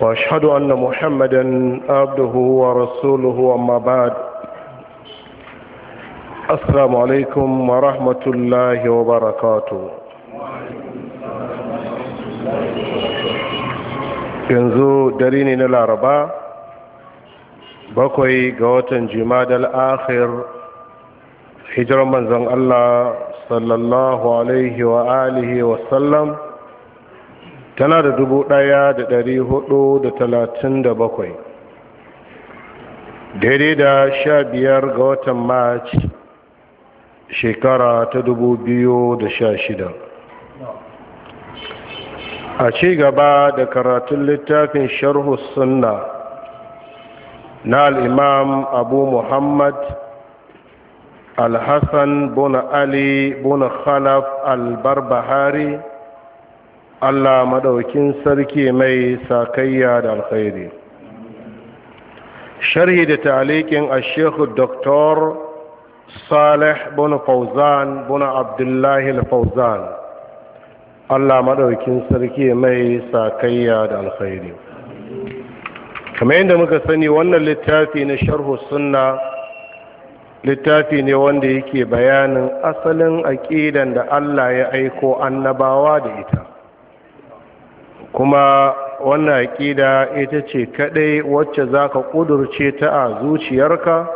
واشهد ان محمدا عبده ورسوله اما بعد السلام عليكم ورحمه الله وبركاته yanzu dare ne na laraba bakwai ga watan jimadal akhir hijirar manzon allah sallallahu alaihi wa alihi wasallam tana da dubu ɗaya da ɗari hudu da talatin da bakwai daidai da sha biyar ga watan Mac shekara ta dubu biyu da sha shida a ci gaba da karatun littafin sharhu sunna na al'imam abu muhammad al-hassan bona ali bona khalaf al-barbahari Allah maɗaukin sarki mai sakayya da alkhairi sharhi da talikin a shekhu doktor salih bin fauzan bin abdullahi fauzan Allah maɗaukin sarki mai sakayya da alkhairi kamar yadda muka sani wannan littafi na sharhu sunna littafi ne wanda yake bayanin asalin aƙidan da Allah ya aiko annabawa da ita kuma wannan aƙida ita ce kaɗai wacce za ka ƙudurce ta a zuciyarka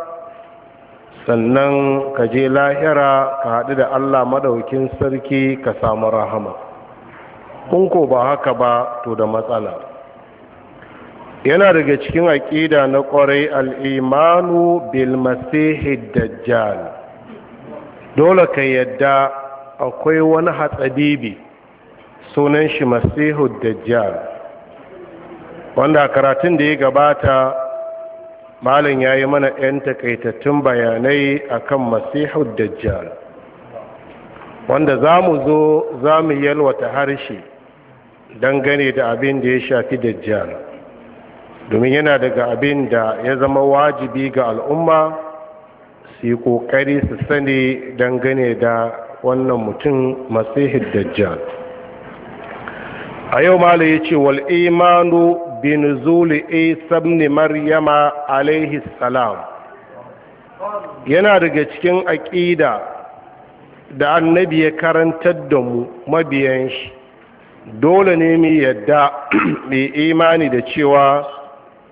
sannan ka je lahira ka haɗu da allah maɗaukin sarki ka samu rahama kun ko ba haka ba to da matsala yana daga cikin aƙida na ƙwarai al'imanu bilmasihid dajjal dole ka yadda akwai wani hatsabibi sunan shi masihu dajjal wanda karatun da ya gabata malin ya yi mana 'yan takaitattun bayanai akan masihu dajjal wanda za mu zo za mu yalwata harshe dangane da abin da ya shafi dajjal domin yana daga abin da ya zama wajibi ga al'umma su yi ƙoƙari su sani dangane da wannan mutum masihu dajjal a yau ma ya ce wal imanu bin Zuli a sabni maryama alaihi salam yana daga cikin aƙida da annabi ya karantar da mu mabiyan shi dole ne mu yadda mai imani da cewa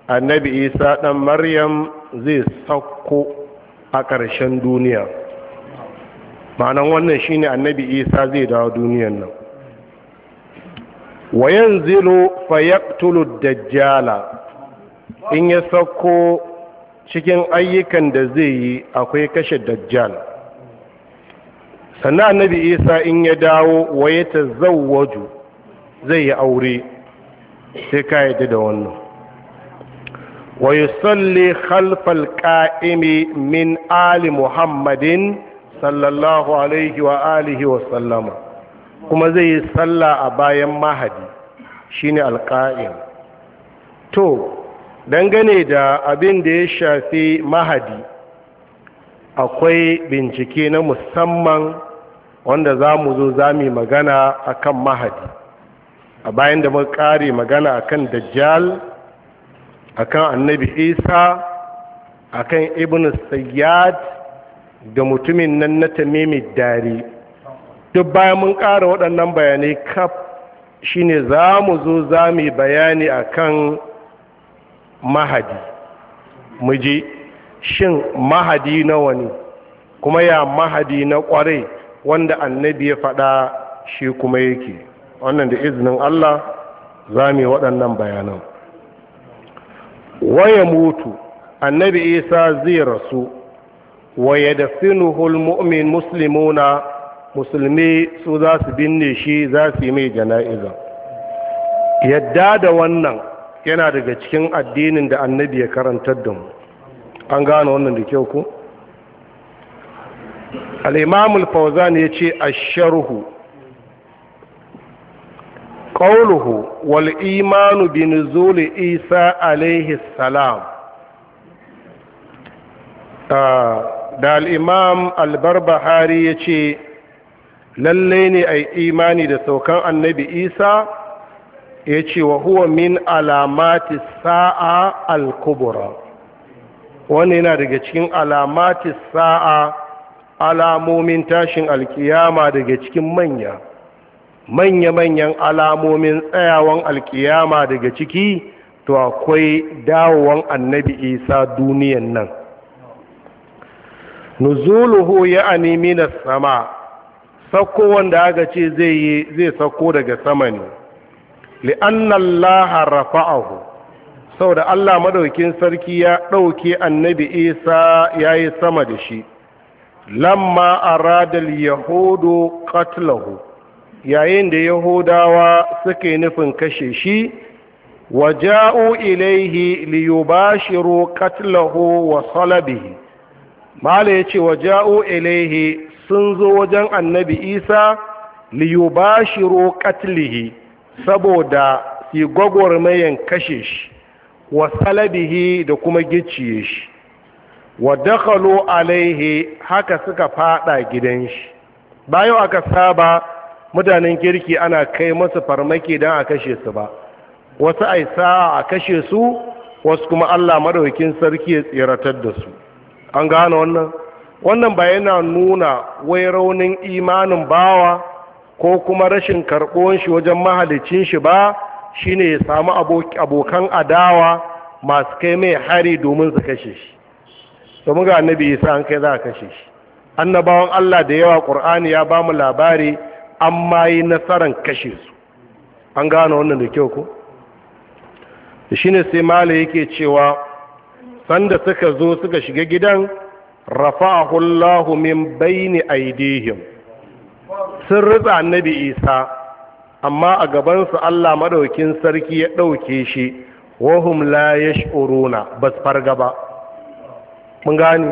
annabi isa ɗan maryam zai sauko a ƙarshen duniya ma'anan wannan shine annabi isa zai dawo duniyan nan wa yanzilu fayaqtulu dajjala in ya sauko cikin ayyukan da zai yi akwai kashe dajjal sannan annabi isa in ya dawo wa ta tazawwaju zai yi aure sai ka yi da wannan wa yusalli khalfal qa'imi min ali muhammadin sallallahu alaihi wa alihi wa sallama kuma zai yi sallah a bayan mahadi shine alƙa'in to dangane da abin da ya shafi mahadi akwai bincike na musamman wanda za mu zo za mu magana akan mahadi a bayan da muka ƙare magana akan dajjal akan annabi isa akan ibn sayyad da mutumin nan na tamimi dare duk bayan mun ƙara waɗannan bayanai kaf shine za mu zo za mu bayani a kan mahadi mu je shin mahadi nawa ne kuma ya mahadi na ƙware wanda annabi ya faɗa shi kuma yake wannan da izinin Allah za mu yi waɗannan bayanan waya mutu annabi isa zai rasu waya da sinuhul mu'min muslimuna musulmi su za su binne shi za su yi mai jana'iza yadda da wannan yana daga cikin addinin da annabi ya karantar da mu an gane wannan da kyau ku al'imamul fauzan ya ce a sharhu ƙauluhu wal imanu bin zuli isa alaihi salam ah, da al'imam albarbahari ya ce lalle ne a imani da saukan annabi isa ya ce wa huwa min alamati sa'a al-kubura wanda yana daga cikin alamati sa'a alamomin tashin alkiyama daga cikin manya manya-manyan alamomin tsayawan alkiyama daga ciki to akwai dawowan annabi isa duniyan nan nuzuluhu ya animi na sama sakko wanda aka ce zai yi zai sauko daga sama ne Allah rafa'ahu saboda Allah madaukin sarki ya ɗauke annabi Isa ya yi sama da shi lamma aradal yahudu qatlahu yayin da yahudawa suka nufin kashe shi waja'u ilaihi liyubashiru qatlahu wa salabihi mala yace waja'u ilaihi sun zo wajen annabi isa liyubashiro katlihi saboda su gwagwarmayan kashe shi wa salabihi da kuma gicciye shi wa dakhalu alaihi haka suka fada gidan shi bayan aka saba mutanen kirki ana kai masu farmaki don a kashe su ba wasu ai sa'a a kashe su wasu kuma Allah Madaukin sarki ya tsiratar da su an gane wannan wannan ba yana nuna wai raunin imanin bawa ko kuma rashin karɓon shi wajen mahalicin shi ba shine ya samu abokan adawa masu kai mai hari domin su kashe shi domin ga annabi isa an kai za a kashe shi annabawan allah da yawa ƙur'ani ya bamu labari an ma yi nasarar kashe su an gano wannan da kyau ko shine sai mala yake cewa sanda suka zo suka shiga gidan rafa'ahu Allahu min baini aidihim sun ritsa annabi Isa amma a gaban su Allah madaukin sarki ya dauke shi wahum la yash'uruna bas farga ba mun gani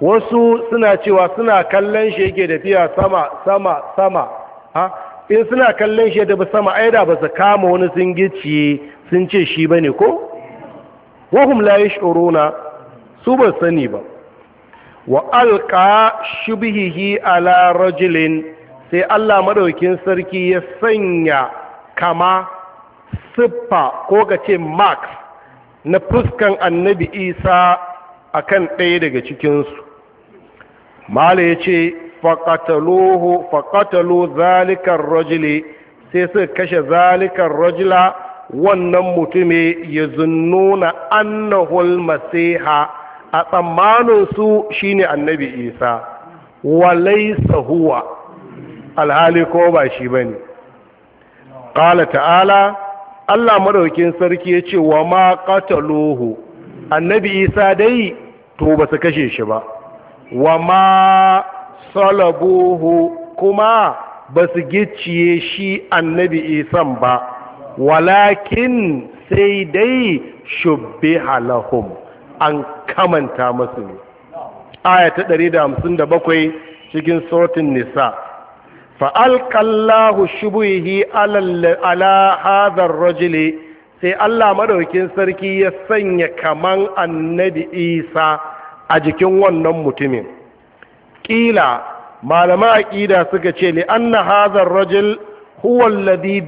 wasu suna cewa suna kallon shi yake fiya sama sama sama ha in suna kallon shi da sama ai da ba su kama wani sun gici sun ce shi bane ko wahum la yash'uruna su ba sani ba wa alka shubihihi ala rajulin sai Allah maɗaukin sarki ya sanya kama siffa ko ka ce max na fuskan annabi isa akan ɗaya daga cikinsu mala ya ce faƙatalohu faƙatalo zalikar rajuli sai su kashe zalikar rajula wannan mutume ya zunnuna annahul masiha a tsammaninsu ne annabi isa walaisa huwa alhali ko ba shi ba ne ƙala ta'ala allah maɗaukin sarki ya ce wa ma ƙataluhu annabi isa dai to ba su kashe shi ba wa ma salabuhu kuma ba su gicciye shi annabi isan ba walakin sai dai shubbe halahum an kamanta masu ne aya ta 157 cikin sautin nisa fa'alƙallahu shubuhi ala hadar rajili sai Allah maɗaukin sarki ya sanya kaman annabi isa a jikin wannan mutumin ƙila malama aƙida suka ce li anna hadar rajil huwa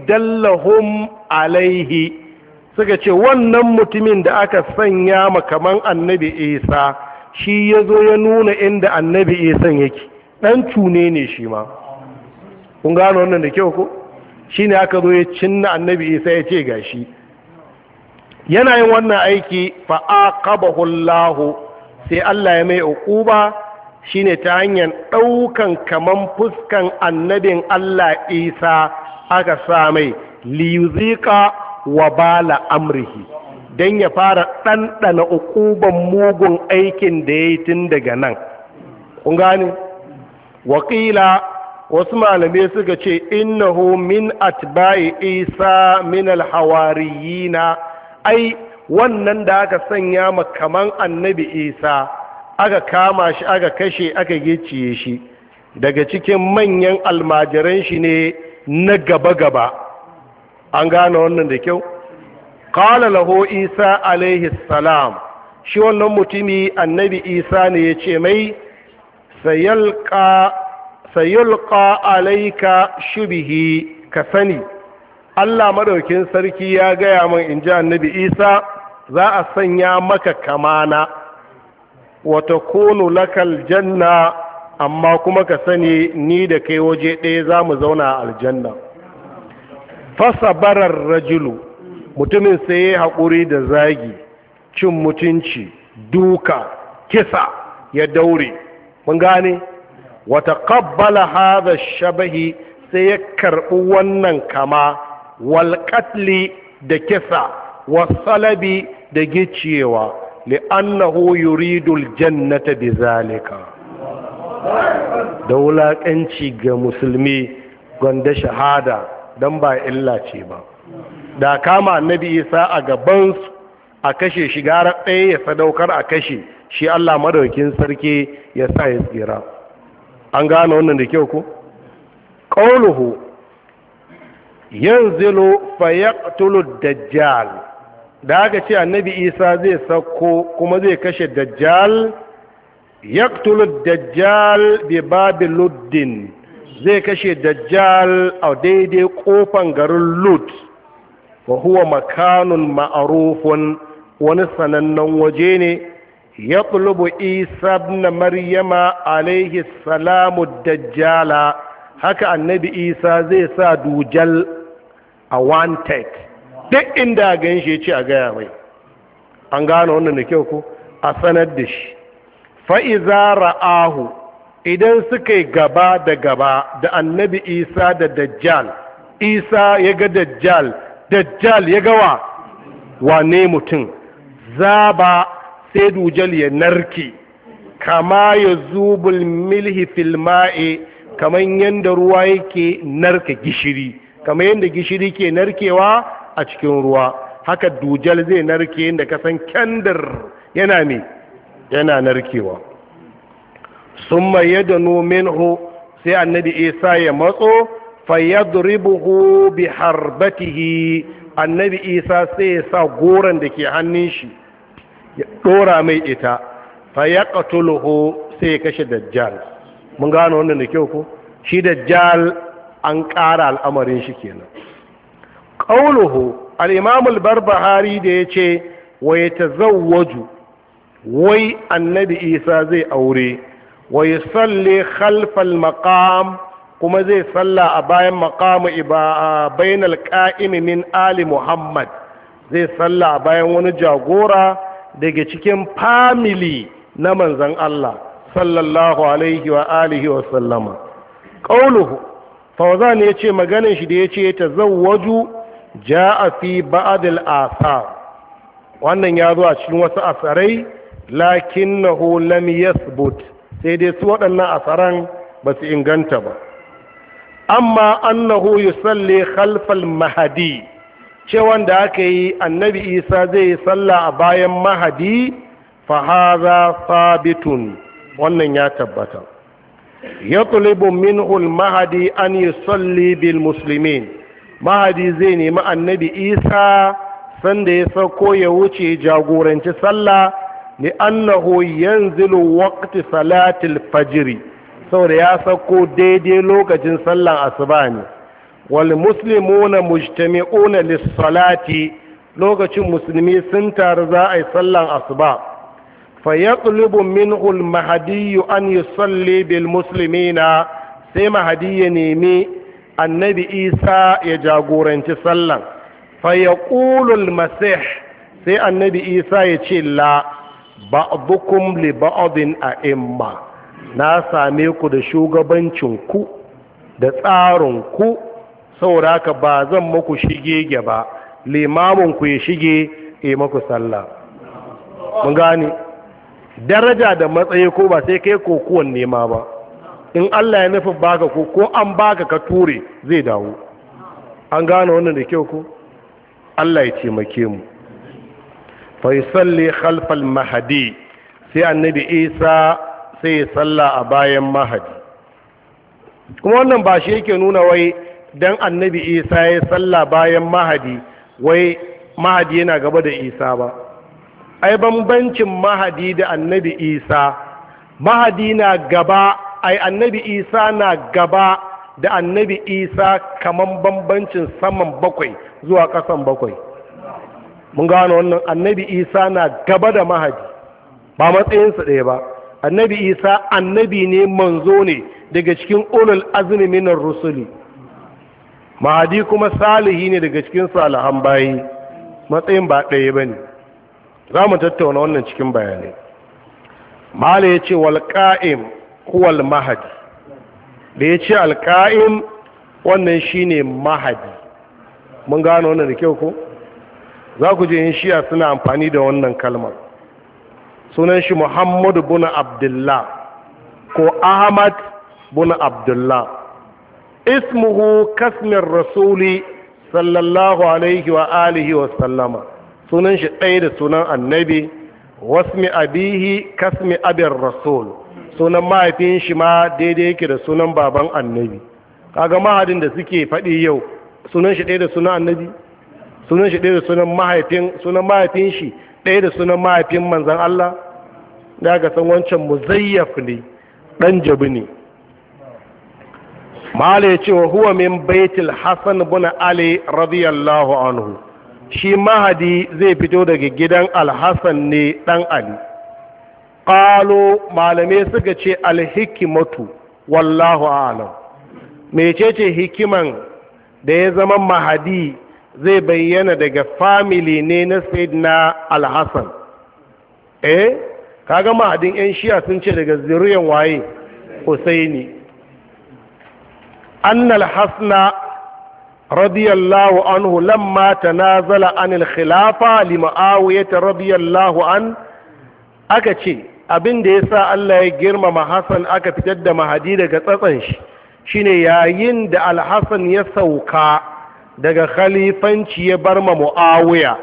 Dallahun alaihi suka ce wannan mutumin da aka sanya ma kaman annabi isa shi ya zo ya nuna inda annabi isan yake ɗan cune ne shi ma kun gano wannan da kyau ko shi ne aka zo ya cinna annabi isa ya ce gashi yana yin wannan aiki fa'aqabahullahu sai Allah ya mai uquba ne ta hanyar ɗaukan kaman fuskan annabin Allah Isa aka sa mai liyuzika wa bala amrihi don ya fara ɗanɗana ukuban mugun aikin da ya yi tun daga nan kun gane wakila wasu malamai suka ce innahu min atba'i isa min alhawariyina ai wannan da aka sanya ma kaman annabi isa aka kama shi aka kashe aka gicciye shi daga cikin manyan almajiran shi ne na gaba-gaba an gane wannan da kyau qala lahu isa alaihi salam shi wannan mutumi annabi isa ne ya ce mai sayalqa sayulqa alayka shubihi ka sani Allah maɗaukin sarki ya gaya min in ji annabi isa za a sanya maka kamana wata kunu lakal janna amma kuma ka sani ni da kai waje ɗaya za mu zauna a aljanna Fasa barar rajulu mutumin sai ya haƙuri da zagi cin mutunci duka kisa ya daure mun gane wata ƙabbala haza shabahi sai ya karɓi wannan kama walƙatli da kisa wasalabi da gicewa li'annahu yuridul jannata bi zalika da wulaƙanci ga musulmi gwanda shahada don ba illa ce ba da kama annabi isa a gabansu a kashe shi gara ɗaya ya sadaukar a kashe shi allah madaukin sarki ya sa ya tsira an gano wannan da kyau ku ƙauluhu yanzilu fayaqtulu dajjal da aka ce annabi isa zai sako kuma zai kashe dajjal yaktulu dajjal bi babiluddin zai kashe dajjal a daidai kofan garin lut wa huwa makanun ma'arufun wani sanannen waje ne ya tulubu isa na maryama alaihi salamu dajjala haka annabi isa zai sa dujal a wanted duk inda gan shi ce a gaya mai an gano wannan da kyau ko a sanar da shi fa'iza ra'ahu idan suka yi gaba da gaba da annabi isa da dajjal isa ya ga dajjal dajjal ya gawa wane mutum zaba sai dujal ya narke kama ya zubul milhi filma'e kamar yadda ruwa yake narka gishiri kamar yadda gishiri ke narkewa a cikin ruwa haka dujal zai narke yadda kasan kyandar yana ne yana narkewa Summa yadda minhu sai annabi isa ya matso fayadribuhu bi harbatihi annabi isa sai ya sa goron da ke hannun shi ya ɗora mai ita fayyakatuluhu sai ya kashe dajjal mun gano wannan da kyau ko shi dajjal an ƙara al'amarin shi kenan ƙauluhu al'imamul barbahari da ya ce wa ya wai annabi isa zai aure Wai yusalli khalfal maƙam kuma zai salla a bayan maƙamu iba bainal qa'imi min ali muhammad zai salla a bayan wani jagora daga cikin famili na manzon Allah sallallahu alaihi wa alihi wa sallama qauluhu fawzan yace maganin shi da yace ja a fi ba'd asa wannan ya zo a cikin wasu asarai lakinnahu lam yathbut sai dai su waɗannan asarar ba su inganta ba amma annahu yusalli khalfal mahadi cewan da aka yi annabi isa zai yi sallah a bayan mahadi fa sabitun wannan ya tabbata yatlubu minhu al mahadi an yusalli bil muslimin mahadi zai nemi annabi isa sanda ya sauko ya wuce jagoranci sallah Ni li'annahu yanzilu wakti salatil fajiri saboda ya sako daidai lokacin sallan asuba ne wal muslimuna mujtami'una lis-salati lokacin musulmi sun taru za a yi sallan asuba fa yatlubu min ul mahdi an yusalli bil muslimina sai mahdi ya nemi annabi Isa ya jagoranci sallan fa ya al-masih sai annabi Isa ya ce la ba'dukum li a imma na same ku da shugabancin ku da tsarin ku saboda ka ba zan maku shige ba limamin ku ya shige e muku sallah mun gane daraja da matsayi ko ba sai kai kokuwan nema ba in Allah ya nufi baka ko ko an baka ka ture zai dawo an gane wannan da kyau ko Allah ya taimake mu faisalli khalfal mahadi sai annabi isa sai ya salla a bayan mahadi kuma wannan ba shi yake nuna wai dan annabi isa ya salla bayan mahadi wai mahadi yana gaba da isa ba ai bambancin mahadi da annabi isa mahadi na gaba ai annabi isa na gaba da annabi isa kaman bambancin saman bakwai zuwa kasan bakwai mun gano wannan annabi isa na gaba da mahadi ba matsayinsa ɗaya ba annabi isa annabi ne manzo ne daga cikin ulul azumi minar rusuli mahadi kuma salihi ne daga cikin salihan bayi matsayin ba ɗaya ba ne za mu tattauna wannan cikin bayanai mala ya ce walƙa'im kuwal mahadi da ya ce alƙa'im wannan shine mahadi mun gano wannan da kyau ko? za ku je yin shiya suna amfani da wannan kalmar sunan shi muhammadu buna abdullah ko ahmad buna abdullah ismuhu kasmin rasuli sallallahu alaihi wa alihi wa sallama sunan shi ɗaya da sunan annabi wasmi abihi kasmi abin rasul sunan mahaifin shi ma daidai yake da sunan baban annabi kaga mahadin da suke faɗi yau sunan shi ɗaya da sunan annabi sunan shi ɗaya da sunan mahaifin sunan mahaifin shi ɗaya da sunan mahaifin manzan Allah da aka san wancan muzayyaf ne ɗan jabi ne mahala ya ce wa huwa min baitul hasan ibn ali radiyallahu anhu shi mahadi zai fito daga gidan alhassan ne ɗan ali ƙalo malamai suka ce alhikimatu wallahu alam mecece hikiman da ya zama mahadi zai bayyana daga famili ne na na alhassan eh kaga ma'adin 'yan shiya sun ce daga zuriyan waye husaini an alhassana radiyallahu anhu lamma tanazala anil khilafa li ma'awiyata radiyallahu an aka ce abin da ya sa Allah ya girmama Hassan aka fitar da mahadi daga tsatsan shi shine yayin da alhassan ya sauka daga khalifanci ya bar ma mu'awiya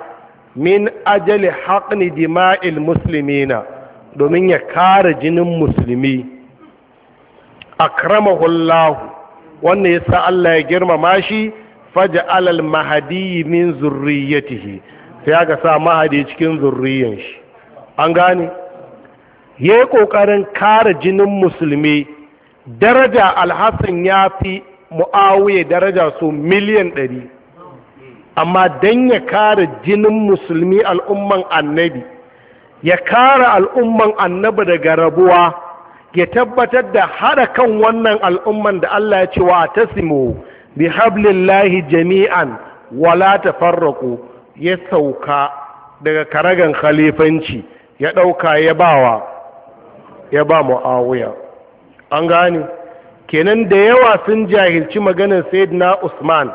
min ajali haƙni dima'il muslimina domin ya kare jinin musulmi akramahullahu wannan ya sa Allah ya girmama shi faj'al al-mahdi min zurriyatihi sai aka sa mahdi cikin zurriyan shi an gane ya kokarin ƙoƙarin kare jinin musulmi daraja alhassan ya fi mu'awiyar daraja su miliyan ɗari amma don ya kare jinin musulmi al'umman annabi ya kare al'umman annabi daga rabuwa ya tabbatar da haɗa kan wannan al'umman da Allah ya ce wa simo bi hablillahi jami'an wala ta farraku ya sauka daga karagan khalifanci ya ɗauka ya bawa ya ba mu'awiyar an gane kenan da yawa sun jahilci maganin sayyidina usman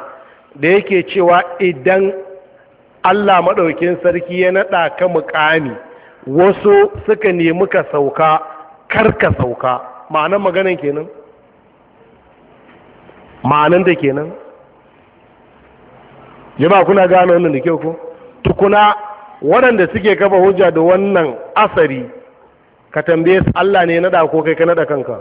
da yake cewa idan allah maɗaukin sarki ya naɗa ka mukami wasu suka nemi ka sauka kar ka sauka ma'anan maganin kenan ma'anan da kenan jama kuna gane wannan da kyau ko tukuna waɗanda suke kafa hujja da wannan asari ka tambaye Allah ne ya naɗa ko kai ka naɗa kanka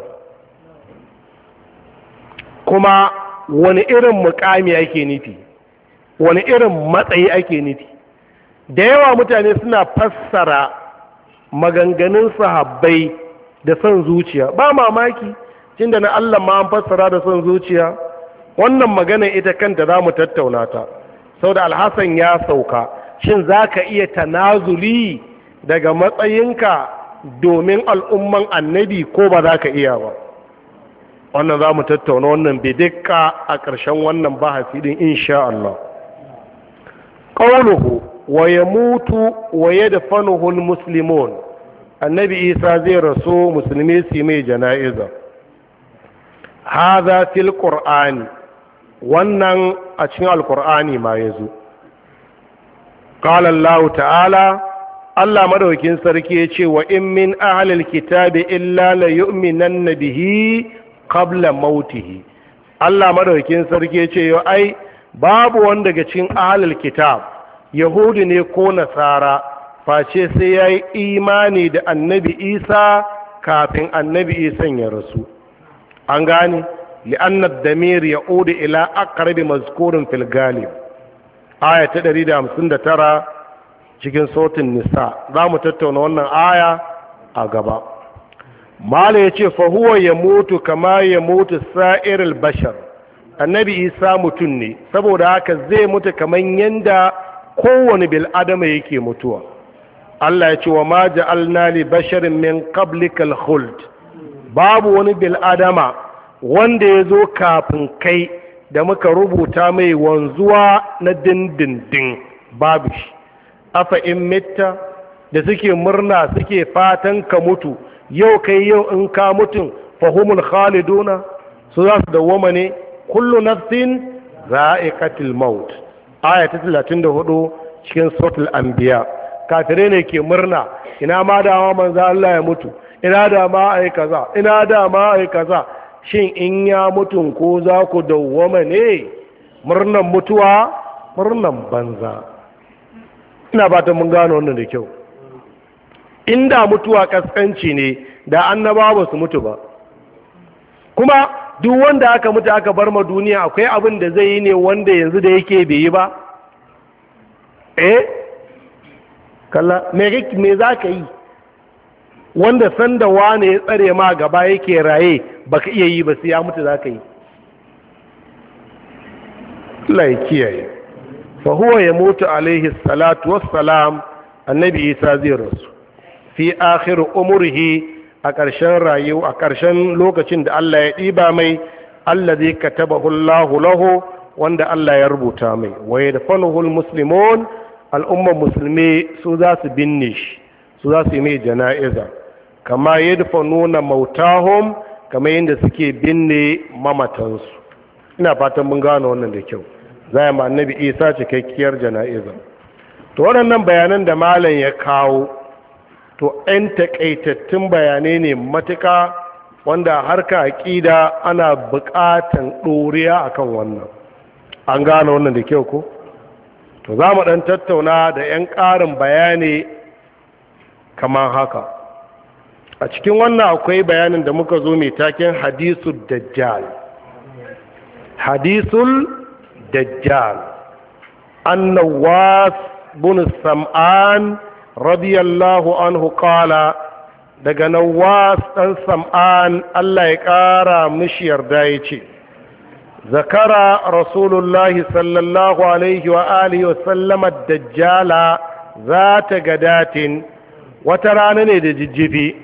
kuma wani irin mukami ake nufi wani irin matsayi ake nufi da yawa mutane suna fassara maganganun sahabbai da son zuciya ba mamaki cinda na Allah ma an fassara da son zuciya wannan magana ita kanta za mu tattauna ta da alhassan ya sauka shin za ka iya tanazuli daga matsayinka domin al'umman annabi ko ba za ka iya ba wannan za mu tattauna wannan bidikka a ƙarshen wannan bahasi din insha Allah qawluhu wa yamutu wa yadfanuhu almuslimun annabi isa zai rasu musulmi su mai jana'iza hadha fil qur'ani wannan a cikin alqur'ani ma yazo qala Allah ta'ala Allah madaukin sarki ya ce wa in min ahlil kitabi illa la yu'minanna bihi qabla mautihi Allah madaukakin sarki ya ce ai babu wanda daga cikin ahlul kitab yahudi ne ko nasara face sai yayi imani da annabi Isa kafin annabi Isa ya rasu an gane li'anna ad-damir ya'udu ila aqrabi mazkurin fil filgali aya ta tara cikin sautin nisa za mu tattauna wannan aya a gaba mala ya ce fahuwa ya mutu kama ya mutu sa'iril bashar annabi isa mutum ne saboda haka zai mutu kamar yanda kowane bil'adama yake mutuwa allah ya ce wa ma ja'alna li basharin min qablikal khuld babu wani bil'adama wanda ya zo kafin kai da muka rubuta mai wanzuwa na dindindin babu shi afa in mitta da suke murna suke fatan ka mutu yau kai yau in ka mutum fahimul khaliduna su za su dawoma ne kullu nafsin za'iqatil maut aya ta 34 cikin an biya. kafirai ne ke murna ina ma da dama manzo Allah ya mutu ina da ma ai kaza ina da ma ai kaza shin in ya mutum ko za ku dawoma ne murnan mutuwa murnan banza ina ta mun gano wannan da kyau inda mutuwa kaskanci ne da annaba ba su mutu ba kuma duk wanda aka mutu aka bar ma duniya akwai abin da zai yi ne wanda yanzu da yake bai yi ba eh kalla me za ka yi wanda sanda wane ya tsare ma gaba yake raye baka iya yi ba sai ya mutu za ka yi Allah ya fa huwa ya mutu alaihi salatu wassalam annabi isa zai rasu fi akhir umurhi a ƙarshen rayu a ƙarshen lokacin da Allah ya ɗiba mai allazi katabahu Allahu lahu wanda Allah ya rubuta mai wa yadfanuhu almuslimun al'umma musulmi su za su binne shi su za su mai jana'iza kama yadfanuna mautahum kama yadda suke binne mamatansu ina fatan mun gano wannan da kyau zai ma annabi Isa cikakkiyar jana'iza to waɗannan bayanan da malam ya kawo to 'yan taƙaitattun bayanai ne matuka wanda harka aƙida ana buƙatan ɗoriya akan wannan an gane wannan da kyau ko to za mu ɗan tattauna da 'yan ƙarin bayani kamar haka a cikin wannan akwai bayanin da muka zo mai taken hadisul dajjal hadisul dajjal annawas bin sam'an radiyallahu anhu qala daga nawas ɗan sam'an Allah ya ƙara mishi yarda ya ce zakara rasulullahi sallallahu alaihi wa alihi wa sallama dajjala zata gadatin wata rana ne da jijjifi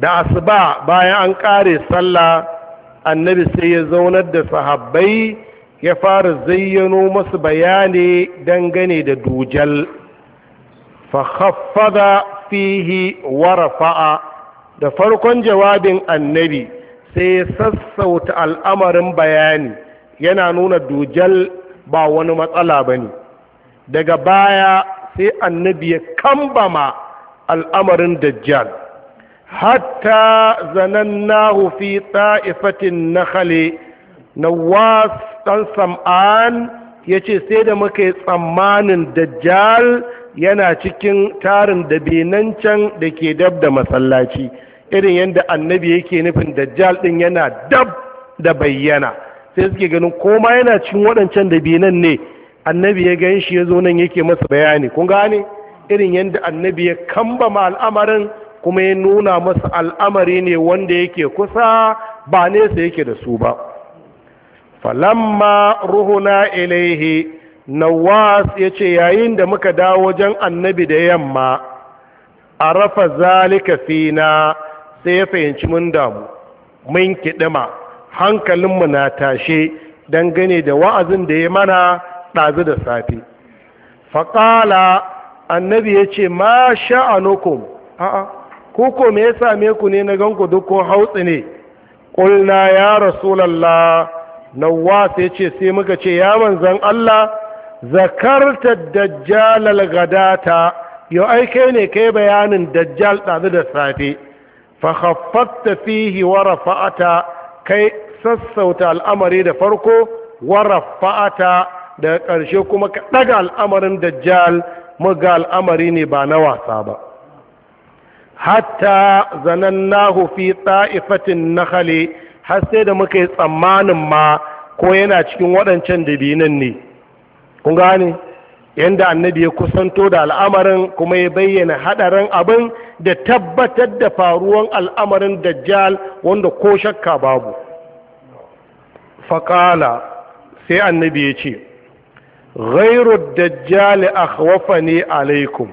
da asuba bayan an ƙare sallah annabi sai ya zaunar da sahabbai ya fara zayyano masu bayani dangane da dujal fa khaffada fihi wa da farkon jawabin annabi sai sassauta al'amarin bayani yana nuna dujal ba wani matsala bane daga baya sai annabi ya kambama al'amarin dajjal hatta zanannahu fi ta'ifatin nakhali nawas dan sam'an yace sai da muka tsammanin dajjal yana cikin tarin dabinan can da ke dab da masallaci irin yadda annabi yake nufin dajjal din yana dab da bayyana sai suke ganin koma yana cikin waɗancan dabinan ne annabi ya gan shi ya zo nan yake masa bayani kun gane irin yadda annabi ya kambama al'amarin kuma ya nuna masa al'amari ne wanda yake kusa ba nesa yake da su ba falamma ruhuna ilaihe. nawas ya ce yayin da muka dawo wajen annabi da yamma a rafa zalika fina sai ya fahimci mun damu mun kiɗima hankalinmu na tashe dangane da wa'azin da ya mana ɗazu da safe faƙala annabi ya ce ma sha'anukum a'a kuko me ya same ku ne na ganku duk kun hautsi ne ƙulna ya rasulallah nawas ya ce sai muka ce ya manzan allah zakarta dajjal gadata yau ai kai ne kai bayanin dajjal ɗazu da safe fa khaffatta fihi wa kai sassauta al'amari da farko wa rafa'ata da ƙarshe kuma ka ɗaga al'amarin dajjal muga al'amari ne ba na wasa ba hatta zanannahu fi na nakhali har sai da muka yi tsammanin ma ko yana cikin waɗancan dabinan ne kun gane yadda annabi ya kusanto da al'amarin kuma ya bayyana hadarin abin da tabbatar da faruwan al'amarin dajjal wanda ko shakka babu faƙala sai annabi ya ce ghairu dajjali akhwafa ne alaikum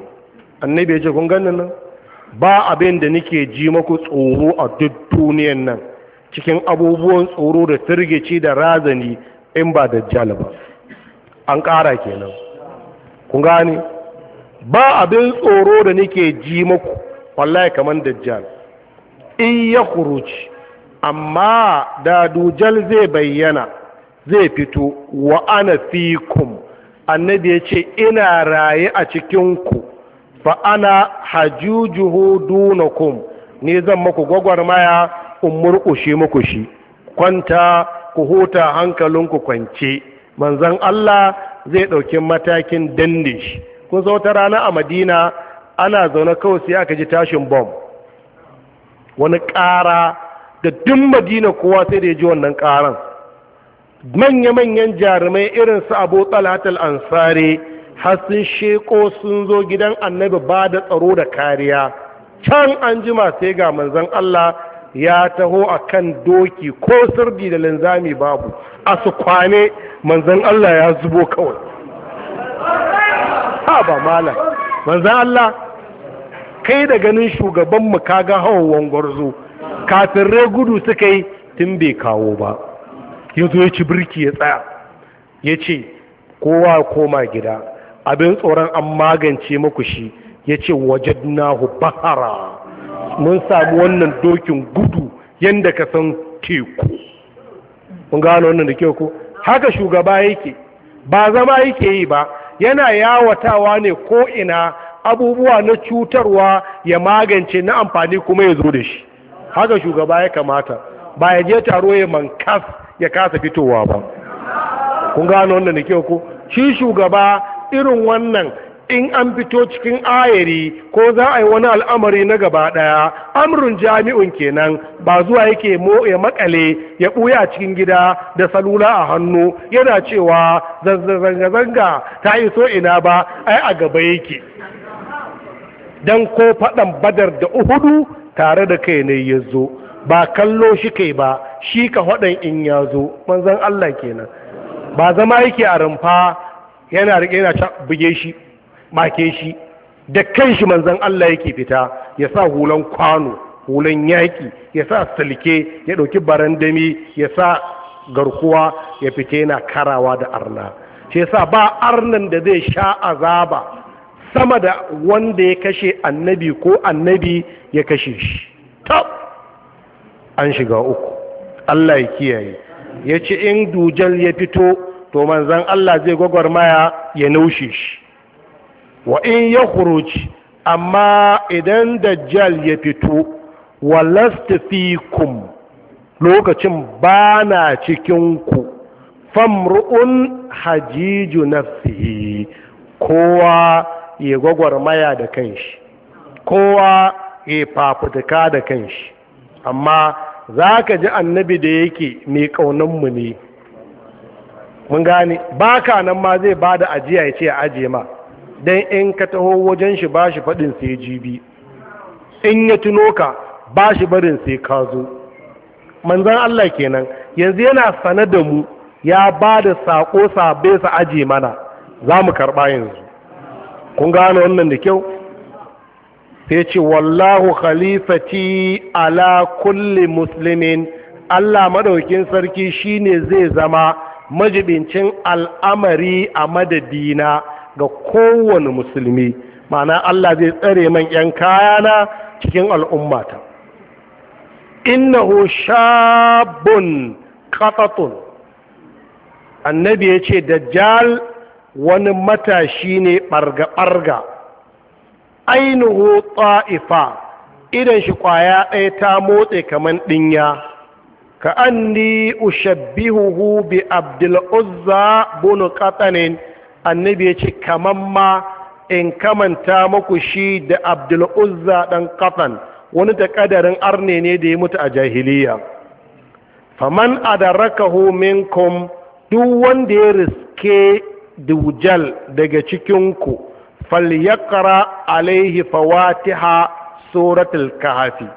annabi ya ce kun ganin nan ba abin da nake ji maku tsoro a duk duniyan nan cikin abubuwan tsoro da firgici da razani in ba dajjal ba an ƙara kenan ku gani ba abin tsoro da nake ji muku wallahi kamar dajjal in ya kuruci amma da dujal zai bayyana zai fito wa ana fikum annabi ya ce ina raye a cikinku fa ana hajujuhu dunakum ne zan muku gwagwarmaya in murƙushe muku shi kwanta ku huta hankalinku kwance manzan Allah zai ɗauki matakin Dandish shi kun sa ta rana a madina ana zaune kawai sai aka ji tashin bom wani ƙara da duk madina kowa sai da ya ji wannan ƙaran manya-manyan jarumai irin su abu talatal ansari har sun sheko sun zo gidan annabi ba da tsaro da kariya can an jima sai ga manzan Allah ya taho a kan doki ko sirdi da linzami babu a su kwane manzan Allah ya zubo kawai ha ba malam manzan Allah kai da ganin shugabanmu kaga hawan gwarzo kafin rai gudu suka yi tun bai kawo ba ya zo ya ci birki ya tsaya ya ce kowa koma gida abin tsoron an magance maku shi ya ce wajen nahu bahara mun sami wannan dokin gudu yadda ka san teku mun gano wannan da kyau ko haka shugaba yake ba zama yake yi ba yana yawatawa ne ko ina abubuwa na cutarwa ya magance na amfani kuma ya zo da shi haka shugaba ya kamata ba ya je taro ya mankas ya kasa fitowa ba kun gano wannan da kyau ko shi shugaba irin wannan in an fito cikin ayari ko za a yi wani al'amari na gaba ɗaya amrun jami'un kenan ba zuwa yake ya makale ya ɓuya cikin gida da salula a hannu yana cewa zanga-zanga ta iso ina ba ai a gaba yake Dan ko faɗan badar da uhudu tare da kai ne ya zo ba kallo shi kai ba shi ka faɗan in yazo, zo manzan Allah kenan ba zama yake a rumfa yana rike yana buge shi make shi da kanshi manzon Allah yake fita ya sa hulan kwano hulan yaƙi ya sa salke ya ɗauki barandami ya sa garkuwa ya fita yana karawa da arna shi yasa ba arnan da zai sha azaba sama da wanda ya kashe annabi ko annabi ya kashe shi ta an shiga uku Allah ya kiyaye ya ce in dujal ya fito to manzan Allah zai gwagwarmaya ya naushe shi wa in ya huruci amma idan dajjal ya fito walasta kum lokacin ba na cikinku famru'un hajiju na fiye kowa ya gwagwarmaya da kanshi kowa ya fafutuka da kanshi amma za ka ji annabi da yake mai ƙaunanmu ne mun gane ba ka nan ma zai ba da ajiya ya ce ajiye ma don in ka taho wajen shi ba shi faɗin sai jibi in ya tuno ka ba shi barin sai ka zo manzan Allah kenan yanzu yana sane da mu ya ba da saƙo sabe sa aje mana za mu karɓa yanzu kun gane wannan da kyau sai ce wallahu khalifati ala kulli muslimin Allah madaukin sarki shine zai zama majibincin al'amari a madadina ga kowane musulmi ma'ana Allah zai tsare man yan kayana cikin al'ummata innahu shabun qatatun annabi ya ce dajjal wani matashi ne ɓarga-ɓarga ainihu ta'ifa idan shi kwaya ɗaya ta motse kaman ɗinya ka an ni ushabbihuhu bi abdul'uzza bunu ƙatsanin annabi ya ce kamar ma in kamanta muku shi da abdul'uzza ɗan kafan wani da ƙadarin arne ne da ya mutu a jahiliya faman adarakahu minkum duk wanda ya riske dujal daga cikinku falyakara alaihi fawatiha suratul kahafi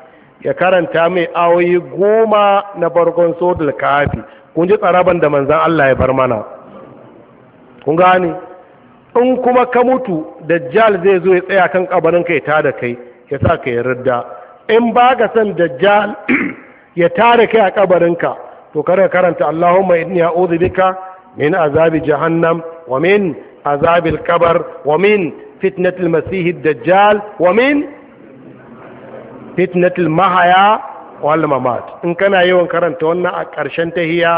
ya karanta mai awoyi goma na farkon suratul kahafi kun ji tsaraban da manzan Allah ya bar mana kun gane in kuma ka mutu dajjal zai zo ya tsaya kan kabarin ya ta da kai ya sa ka yarda in ba ka san dajjal ya da kai a kabarinka to ka karanta Allahumma inni a'udhu bika min azabi jahannam wa min azabi al-qabr wa min fitnati al-masih ad-dajjal wa min fitnati al-mahya wal mamat in kana yawan karanta wannan a ƙarshen tahiya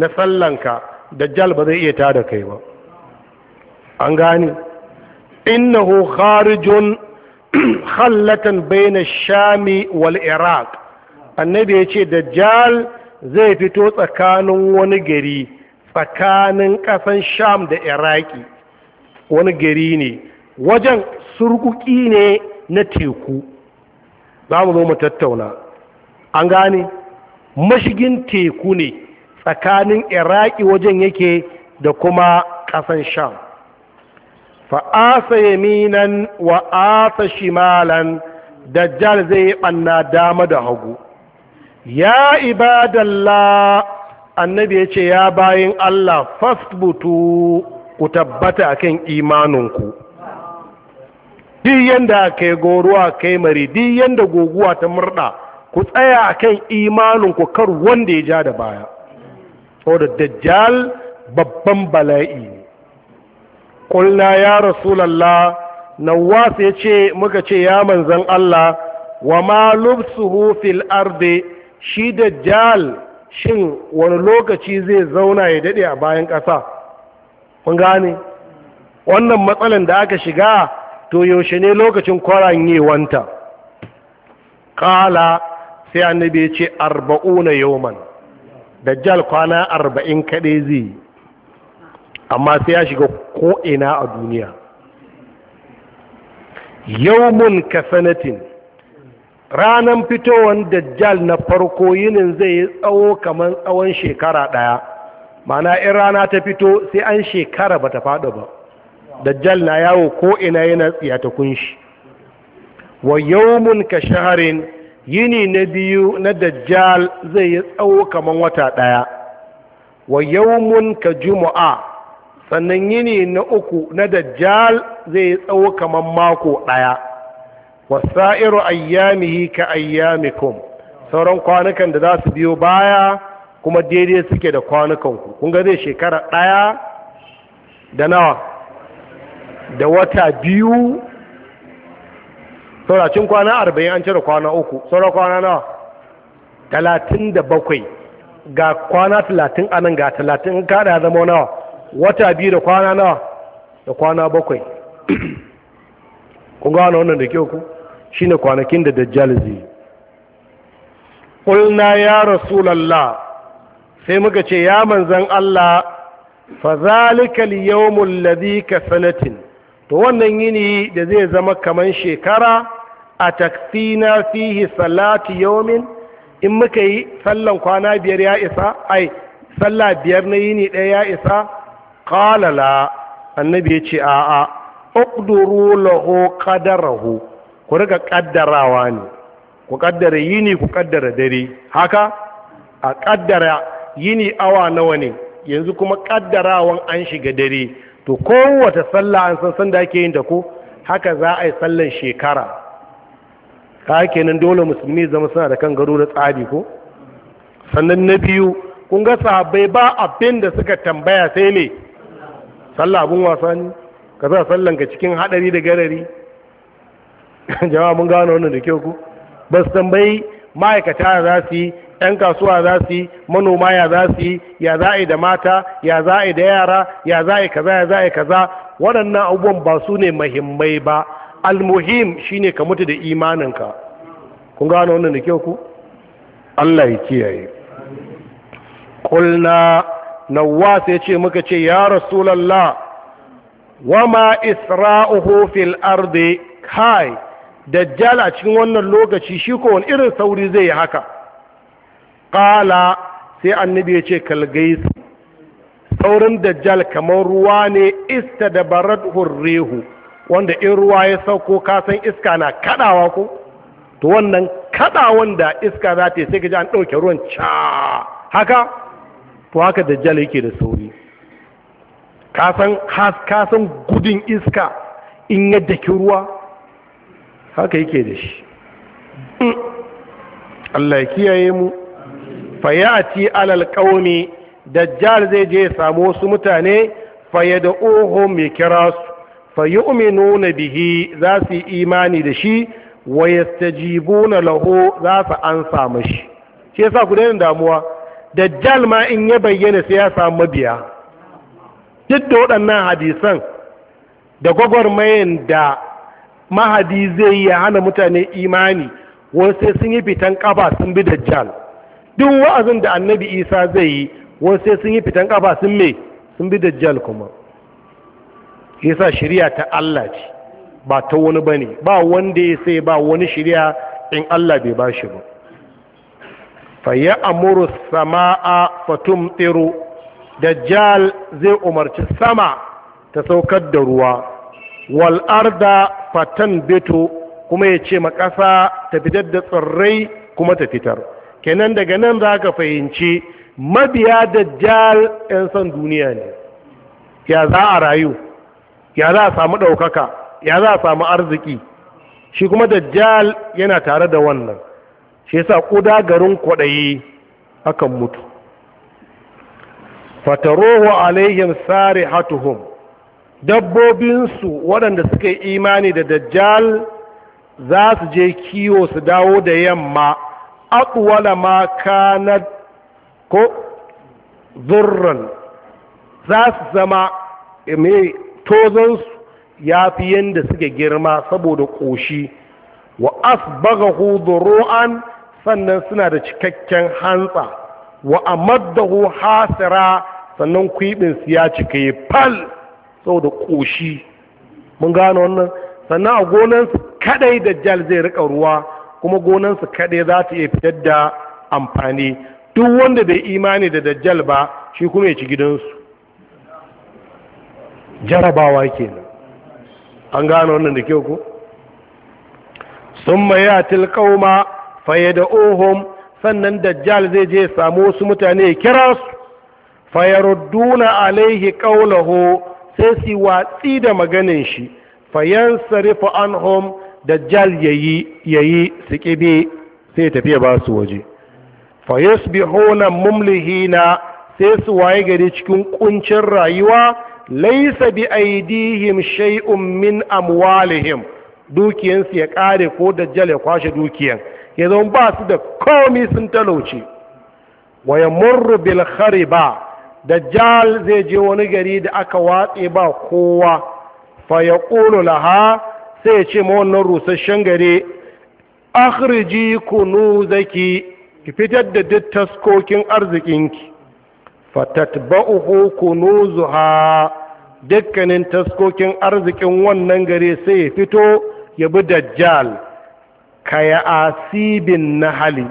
na sallanka dajjal ba zai iya tada kai ba an gane innahu kharijun khallatan baina shami wal iraq annabi ya ce dajjal zai fito tsakanin wani gari tsakanin kasan sham da iraki wani gari ne wajen surkuki ne na teku za mu zo mu tattauna an gane mashigin teku ne tsakanin iraki wajen yake da kuma kasan sham fa'asa yaminan wa asa shimalan dajjal zai yi ɓanna dama da hagu ya ibadallah annabi ya ce ya bayin Allah fasbutu ku tabbata kan imaninku duk yanda kai goruwa kai mari duk yanda goguwa ta murda ku tsaya a kan imaninku kar wanda ya ja da baya saboda dajjal babban bala'i ne kulna ya rasulallah nawas ya ce muka ce ya manzan Allah wa ma lubsuhu fil ardi shi dajjal shin wani lokaci zai zauna ya dade a bayan ƙasa kun gane wannan matsalan da aka shiga to yaushe ne lokacin kwaranyewanta kala sai annabi ya ce arba'una yawman dajjal kwana arba'in kaɗai zai yi amma sai ya shiga ko'ina a duniya yawmun kasanatin ranan fitowar dajjal na farko yinin zai yi tsawo kamar tsawon shekara ɗaya mana in rana ta fito sai an shekara ba ta faɗo ba dajjal na yawo ko'ina yana tsiyata kunshi wa yawmun ka shaharin yini na biyu na dajjal zai yi tsawo kamar wata ɗaya wa yawmun ka juma'a sannan yini na uku na dajjal zai tsawo kamar mako ɗaya wasa'iru ayyamihi ka ayyamikum sauran kwanukan da za su biyo baya kuma daidai suke da kwanukan ku. kun ga zai shekara ɗaya da nawa da wata biyu sauracin kwana arba'in an cire kwana uku sauran kwana nawa talatin da bakwai ga kwana talatin anan ga talatin kada ya zama nawa wata biyu da kwana nawa da kwana bakwai kun gano wannan da kyau ku Shi ne kwanakin da dajjal zai ƙulna ya lalla sai muka ce ya manzan Allah fa zalika al-yawmul ladhi ka sanatin to wannan yini da zai zama kaman shekara a takfina fihi salatu yawmin in muka yi sallan kwana biyar ya isa ai sallah biyar na yini ɗaya ya isa ƙalala annabi ya ce a'a uqduru lahu qadarahu ku riga kaddarawa ne ku kaddara yini ku kaddara dare haka a kaddara yini awa nawa ne yanzu kuma kaddarawan an shiga dare to kowace sallah an san san da ake yin da ku haka za a yi sallan shekara ka kenan dole musulmi zama suna da kan gado da tsari ko sannan na biyu kun ga sahabbai ba abin da suka tambaya sai ne sallah abun wasa ne ka sa sallan ka cikin hadari da garari jama'a mun gano wannan da kyau ku ba su tambayi ma'aikata ya za su yi 'yan kasuwa za su yi manoma ya za su yi ya za a yi da mata ya za a yi da yara ya za a yi kaza ya za a yi kaza waɗannan abubuwan ba su ne mahimmai ba almuhim shine ka mutu da imaninka kun gano wannan da kyau ku Allah ya kiyaye kulna nawas ya ce muka ce ya rasulallah wama isra'uhu fil ardi kai dajjal a cikin wannan lokaci shi ko wani irin sauri zai yi haka ƙala sai annabi ya ce kalgaisu saurin dajjal kamar ruwa ne ista da wanda in ruwa ya sauko kasan iska na kadawa ko to wannan kadawan da iska za ta yi sai ji an ɗauke ruwan ca haka to haka dajjal yake da sauri kasan gudun iska in yadda ki ruwa haka yake da shi mm. Allah kiyaye mu fayati alal qaumi dajjal zai je ya samu wasu mutane fayad'uhum yakras fayu'minuna bihi za su imani da shi wa na lahu za su ansa mashi shi yasa ku daina damuwa dajjal ma in ya bayyana sai ya samu mabiya duk da waɗannan hadisan da gwagwarmayan da mahadi zai yi ya hana mutane imani wasu sai sun yi fitan ƙafa sun bi dajjal duk wa'azin da annabi isa zai yi wasu sai sun yi fitan kafa sun me sun bi dajjal kuma sa shirya ta Allah ce ba ta wani ba ne, ba wanda ya sai ba wani shirya in Allah bai bashi ba faya amuru sama'a fatum tsiru dajjal zai umarci sama ta saukar da ruwa wal arda fatan beto, kuma ya ce ƙasa ta fitar da tsirrai kuma ta fitar kenan daga nan za ka fahimci mabiya dajjal 'yan son duniya ne ya za a rayu ya za a samu ɗaukaka ya za a samu arziki shi kuma dajjal yana tare da wannan shi yasa kuda garin kwaɗayi akan mutu fataruhu alaihim sare hatuhum dabbobinsu waɗanda suka yi imani da dajjal za su je kiwo su dawo da yamma aɗuwala ma kanar ko zurran za su zama mai tozonsu ya fi yadda suke girma saboda ƙoshi wa asbaga hudurru'an sannan suna da cikakken hantsa wa amaddahu hasira sannan kwibinsu ya cika yi fal saboda ƙoshi mun gano wannan sannan a gonansu kadai da jal zai rika ruwa kuma gonansu kadai za ta iya fitar da amfani duk wanda bai imani da dajjal ba shi kuma ya ci gidansu jarabawa kenan an gano wannan da kyau ko sun maya tilkauma da ohun sannan dajjal zai je samu wasu mutane kira su fayarudduna alaihi kaulahu sai su watsi da maganin shi fayan sarifa anhum dajjal yayi yayi su ƙibi sai tafiya ba su waje mumlihi mumlihina sai su waye gari cikin kuncin rayuwa laisa bi aidihim shay'un min amwalihim dukiyansu ya kare ko dajjal ya kwashe dukiyan ya ba su da komi sun talauci. waya ya murru bil khariba dajjal zai je wani gari da aka watse ba kowa fa ya ƙulu laha sai ya ce wannan rusasshen gare. akhriji kunu zaki ki fitar da duk taskokin arzikinki tatba'uhu kunuzuha dukkanin taskokin arzikin wannan gare sai ya fito ya bi dajjal ka a asibin na hali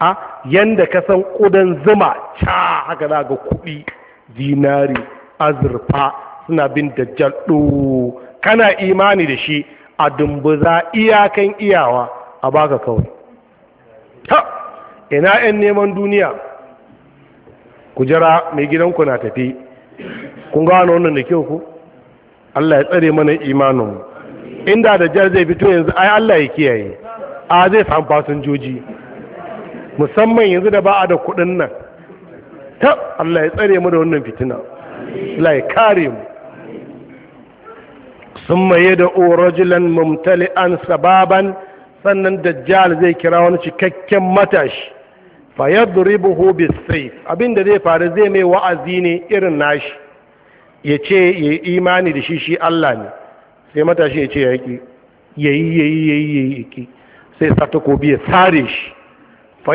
a yanda ka san ƙudan zuma ca haka za ga kuɗi zinari, azurfa suna bin dajjal ɗo kana imani da shi a dumbuza iyakan iyawa a baka kawai ta ina 'yan neman duniya ku jira mai gidanku na tafi kun gano wannan da kyau ku Allah ya tsare mana imanin inda da jar zai fito yanzu ai Allah ya kiyaye a zai samu fasinjoji musamman yanzu da ba a da kuɗin nan ta Allah ya tsare mu da wannan fitina Allah ya kare mu sun maye da orajilan mumtali'an sababan sannan dajjal zai kira wani cikakken matashi fayadribuhu bisayf abinda zai faru zai mai wa'azi ne irin nashi ya ce ya imani da shi shi Allah ne sai matashi ya ce ya yayi yayi yayi yayi sai sa takobi ya sare shi fa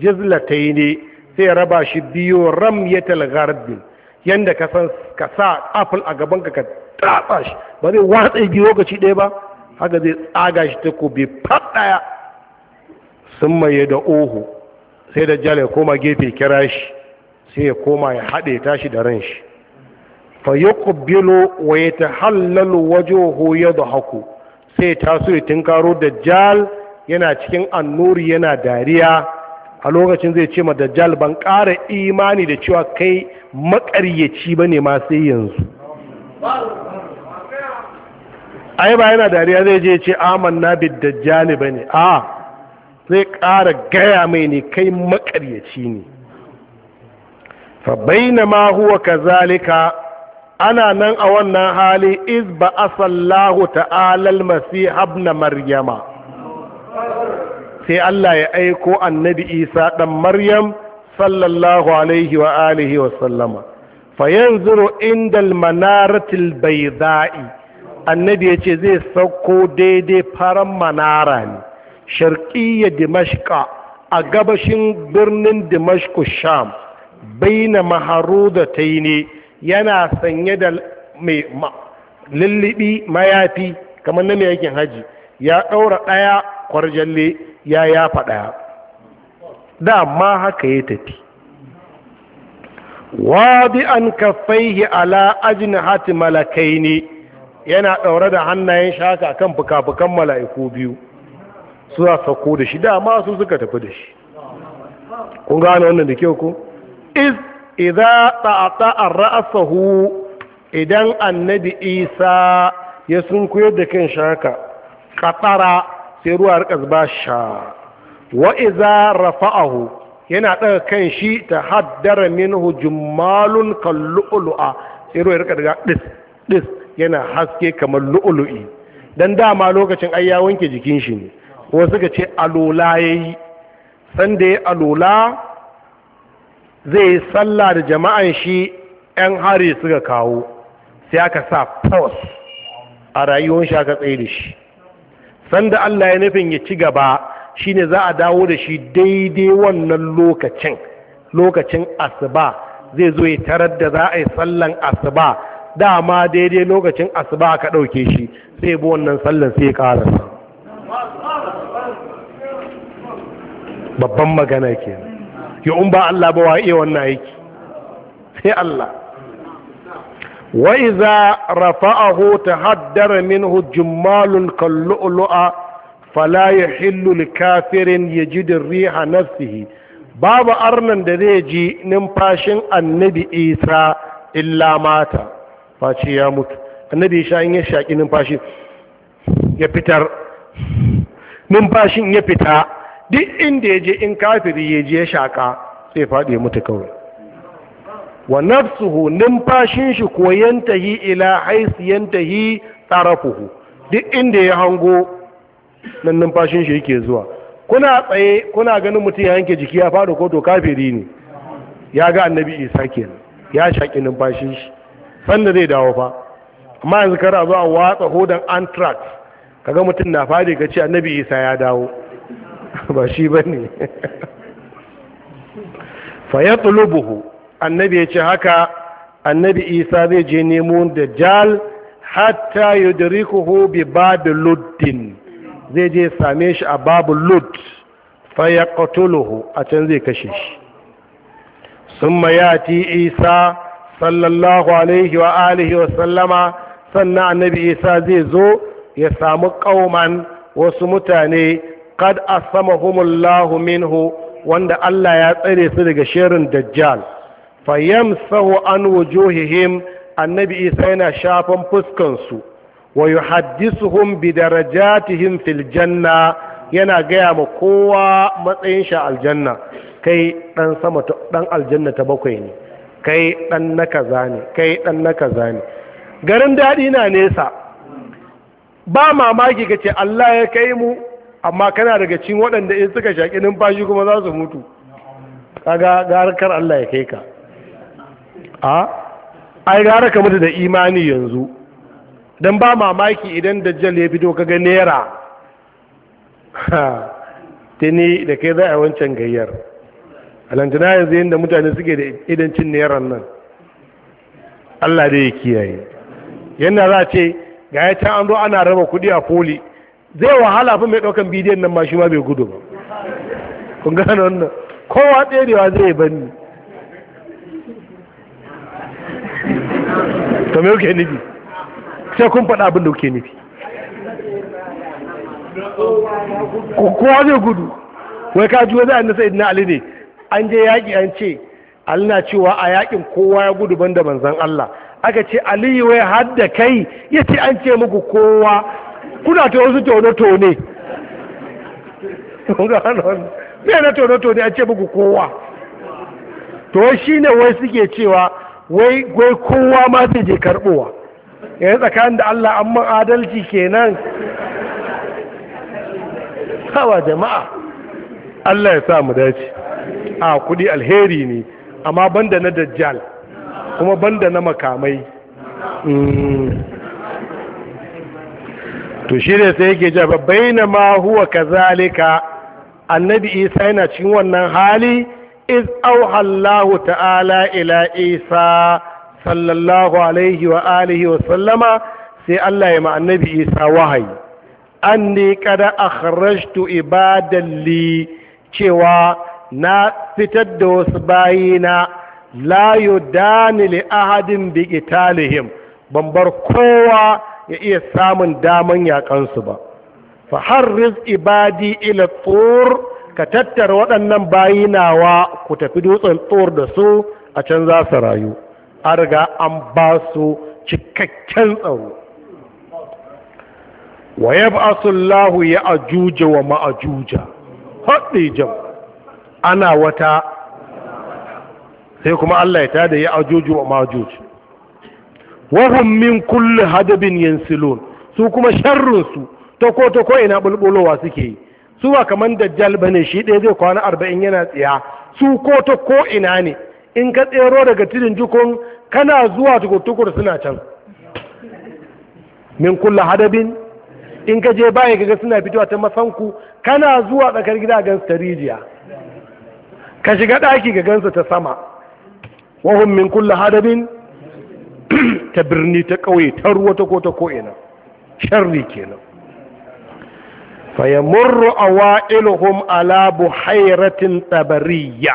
jizlatai ne sai raba shi biyu ya gharbi yanda ka san ka sa apple a gaban ka ka tatsa shi ba zai watsa biyu lokaci ɗaya ba haka zai tsaga shi takobi faɗaya sun maye da ohu sai da ya koma gefe kira shi sai ya koma ya haɗe tashi da ran shi fa yi ƙubbilo wa ya ta hallalu wajen hoye da haku sai taso ya tinkaro dajjal yana cikin annuri yana dariya a lokacin zai ce ma dajjal ban ƙara imani da cewa kai makaryaci ba ne ma sai yanzu ai ba yana dariya zai je ce na bi dajjali ba ne a zai ƙara gaya mai ne kai makaryaci ne fa ma huwa kazalika ana nan a wannan hali iz ba Sallahu ta'alal masih ibn maryama sai Allah ya aiko annabi Isa ɗan Maryam sallallahu alaihi wa alihi wa sallama fayanzuru indal manaratil bayda'i annabi yace zai sauko daidai faran manara ne sharqiyya dimashqa a gabashin birnin dimashq sham baina ne. yana sanye da mai lullubi mayafi kamar na mai yakin haji ya ɗaura ɗaya kwarjalle ya yafa ɗaya dama haka ya tafi wadi an kafaihi ala ajin hati malakai ne yana ɗaure da hannayen shaka kan fuka-fukan mala'iku biyu suna sauko da shi dama su suka tafi da shi kun gane wannan da kyau ko idza ra'asa hu, idan annabi isa ya sunkuyar da kan shaka katara sai ruwa rika zuba sha wa a hu? yana ɗaga kan shi ta haddara minhu jummalun kallu'lu'a sai ruwa rika daga ɗis-ɗis. yana haske kamar lu'ulu'i dan dama lokacin ai ya wanke jikin shi ne wasu ka ce alola yayi sanda ya alola zai yi sallah da jama'an shi 'yan hari suka kawo sai aka sa pos a rayuwar shi aka tsaye da shi sanda Allah ya nufin ya ci gaba shine za a dawo da shi daidai wannan lokacin lokacin asuba zai zo ya tarar da za a yi sallan asuba dama daidai lokacin asuba ka ɗauke shi sai bi wannan sallan sai ƙararsa babban magana kenan يوم با الله بوا ايوان إيه الله وإذا رفعه تهدر منه جمال كاللؤلؤ فلا يحل لكافر يجد الريح نفسه باب أرنن دريجي نمباشن النبي إيسا إلا مات فاشي يموت النبي إيسا إن يشاكي نمباشن يبتر نمباشن يبتر duk inda ya je in kafiri ya je ya shaƙa sai faɗi mutu kawai wa nafsuhu numfashin shi ko yantahi ila haisu yantahi tsarafuhu duk inda ya hango nan numfashin shi yake zuwa kuna tsaye kuna ganin mutum ya yanke jiki ya faɗi ko to kafiri ne ya ga annabi isa kenan ya shaƙi numfashin shi sanda zai dawo fa amma yanzu kara zuwa watsa hodon anthrax kaga mutum na faɗi ka ce annabi isa ya dawo ba shi ba ne fayatulubuhu annabi ya ce haka annabi isa zai je nemo jal hatta yudrikuhu bi babu luddin zai je same shi a babu lud fayaqtuluhu a can zai kashe shi sun mayati isa sallallahu alaihi wa alihi wa sallama sannan annabi isa zai zo ya samu ƙauman wasu mutane kad asamahumullahu minhu wanda Allah ya tsare su daga shirin dajjal fayamsahu an wujuhihim annabi Isa yana shafan fuskan su wa yuhaddisuhum bi darajatihim fil janna yana gaya ma kowa matsayin sha aljanna kai dan sama dan aljanna ta bakwai ne kai dan na kaza ne kai dan na kaza ne garin daɗi na nesa ba mamaki ka ce Allah ya kai mu amma kana daga cikin waɗanda in suka shaƙi numfashi kuma za su mutu kaga garkar Allah ya kai ka a ai gara ka mutu da imani yanzu dan ba mamaki idan dajjal ya fito kaga nera tuni da kai za a wancan gayyar alantana yanzu yadda mutane suke da cin neran nan Allah dai ya kiyaye yana za a ce ga ya can an zo ana raba kuɗi a foli zai wahala fa mai ɗaukan bidiyon nan ma shi ma bai gudu ba kun gane wannan kowa tserewa zai yi banni to me kuke nufi sai kun faɗa abin da kuke nufi kowa zai gudu wai ka ji wani annasa idina ali ne an je yaƙi an ce ali na cewa a yaƙin kowa ya gudu ban da manzan Allah aka ce aliyu wai har da kai ya ce an ce muku kowa kuna ta wasu tone-tone ne na tone-tone a ce muku kowa to shi ne wai suke cewa wai kowa ma zai je karbowa yanzu eh, tsakanin da Allah an man adalci kenan hawa jama'a Allah ya sa mu dace a kudi alheri ne amma banda na dajjal kuma banda na makamai hmm. to shi ne sai yake jaba ma huwa kazalika annabi isa yana cikin wannan hali iz auhallahu ta'ala ila isa sallallahu alaihi wa alihi wa sallama sai Allah ya ma annabi isa wahayi ne kada akhrajtu ibadan ibadalli cewa na fitar da wasu bayina layu danili ahadin bi ban bar kowa ya iya samun daman yaƙansu ba fa harriz ibadi ila tsor ka tattara waɗannan bayi nawa ku tafi dutsen tsor da su a can za su rayu a riga an ba su cikakken tsaro wa ya lahu ya ajuja wa ma'ajuja haɗe jam ana wata sai kuma Allah ya tada ya ajuju wa ma'ajuju wahum min kulli hadabin yansilun su kuma sharrun su ta ko to ko ina bulbulowa suke yi su ba kaman dajjal bane shi ɗaya zai kwana arba'in yana tsiya su ko ta ko ina ne in ka tsero daga tudun jikon kana zuwa tukur suna can min kulli hadabin in ka je baya ga suna fitowa ta masanku kana zuwa tsakar gida su ta rijiya ka shiga ɗaki ga gansa ta sama wahum min kulli hadabin ta birni ta ƙauye ta ruwa ta ko ta ko'ina sharri kenan a awailuhum alabu buhairatin tabariya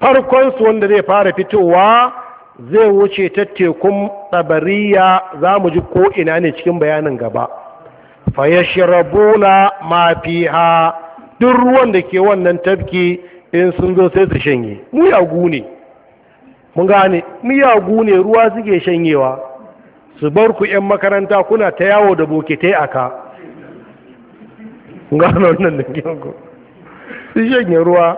farkonsu wanda zai fara fitowa zai wuce ta tekun tabariya za mu ji ko'ina ne cikin bayanin gaba fayashrabuna mafi ha, duk ruwan da ke wannan tafki in sun zo sai su shanye mu yagu ne mun gane miyagu ne ruwa suke shanyewa su bar ku 'yan makaranta kuna ta yawo da bokitai a ka gano nan da gyanku su shanye ruwa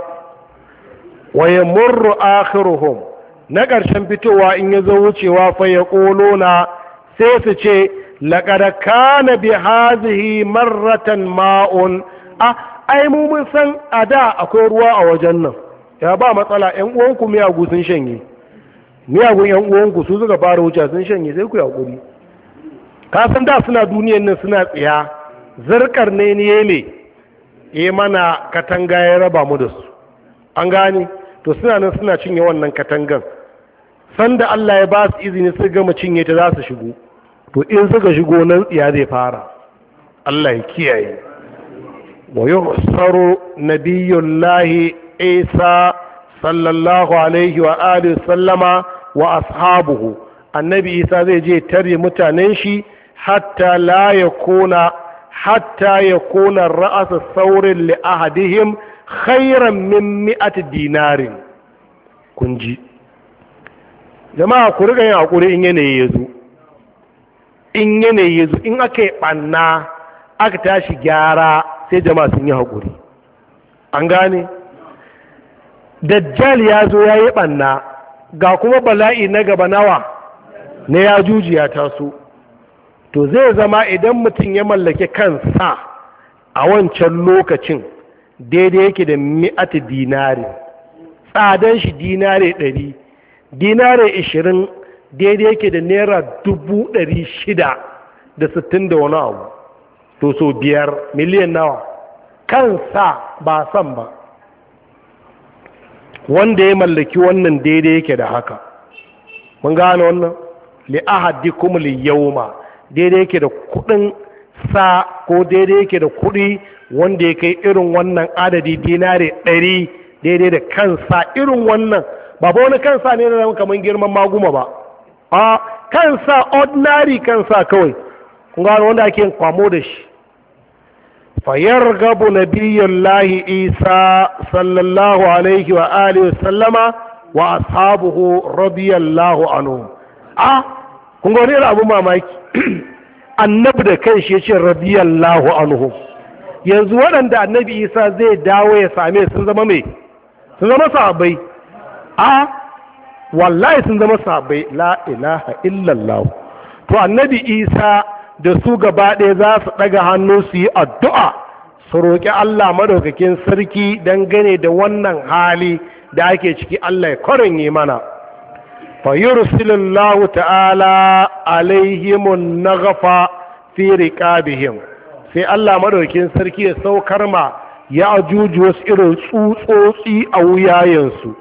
waye murru akhiruhum na ƙarshen fitowa in ya zo wucewa fa ya na sai su ce laƙada kana bi hazihi marratan ma'un a ai mu mun san a da akwai ruwa a wajen nan ya ba matsala 'yan uwanku miyagu sun shanye miyagun yan uwanku su suka fara wuce sun shanye sai ku yaƙuri ka san da suna duniyan nan suna tsiya zarkar ne ne ne e mana katanga ya raba mu da su an gane to suna nan suna cinye wannan katangan sanda Allah ya ba su izini su gama cinye ta za su shigo to in suka shigo nan tsiya zai fara Allah ya kiyaye wa yuhsaru nabiyullahi isa sallallahu alaihi wa alihi sallama wa ashabuhu annabi isa zai je tare mutanen shi hatta la kona hatta kona ra'asa saurin li ahadihim khairan min mi'ati dinarin kunji jama'a ku riga yin hakuri in yanayi ya in yanayi in aka yi ɓanna aka tashi gyara sai jama'a sun yi hakuri an gane dajjal ya zo ya yi ɓanna ga kuma bala'i na gaba nawa na ya jujiya taso to zai zama idan mutum ya mallaki kansa a wancan lokacin daidai yake da mi'ati dinari tsadan shi dinari ɗari dinari ashirin daidai yake da naira dubu ɗari shida da sittin da wani abu to so biyar miliyan nawa kansa ba san ba wanda ya mallaki wannan daidai yake da haka mun gane wannan li ahadikum li yawma daidai yake da kudin sa ko daidai yake da kudi wanda ya kai irin wannan adadi dinare ɗari daidai da kansa irin wannan ba ba wani kansa ne na kamar girman maguma ba a kansa ordinary kansa kawai kun gano wanda ake kwamo da shi fayar gabu biyun lahi isa sallallahu alaihi wa alihi sallama wa ashabuhu radiyallahu anu a kun ga wani abu mamaki annabi da kanshi yace radiyallahu anhu yanzu waɗanda annabi isa zai dawo ya same sun zama mai sun zama sahabbai a wallahi sun zama sahabbai la ilaha illallahu to annabi isa da su gaba ɗaya za su ɗaga hannu su yi addu'a su roƙi Allah maɗaukakin sarki dangane da wannan hali da ake ciki Allah ya kwarin yi mana fa yursilillahu ta'ala alaihimun gafa fi ƙabihim, sai Allah maɗaukakin sarki ya saukar ma ya ajuju wasu irin tsutsotsi a wuyayensu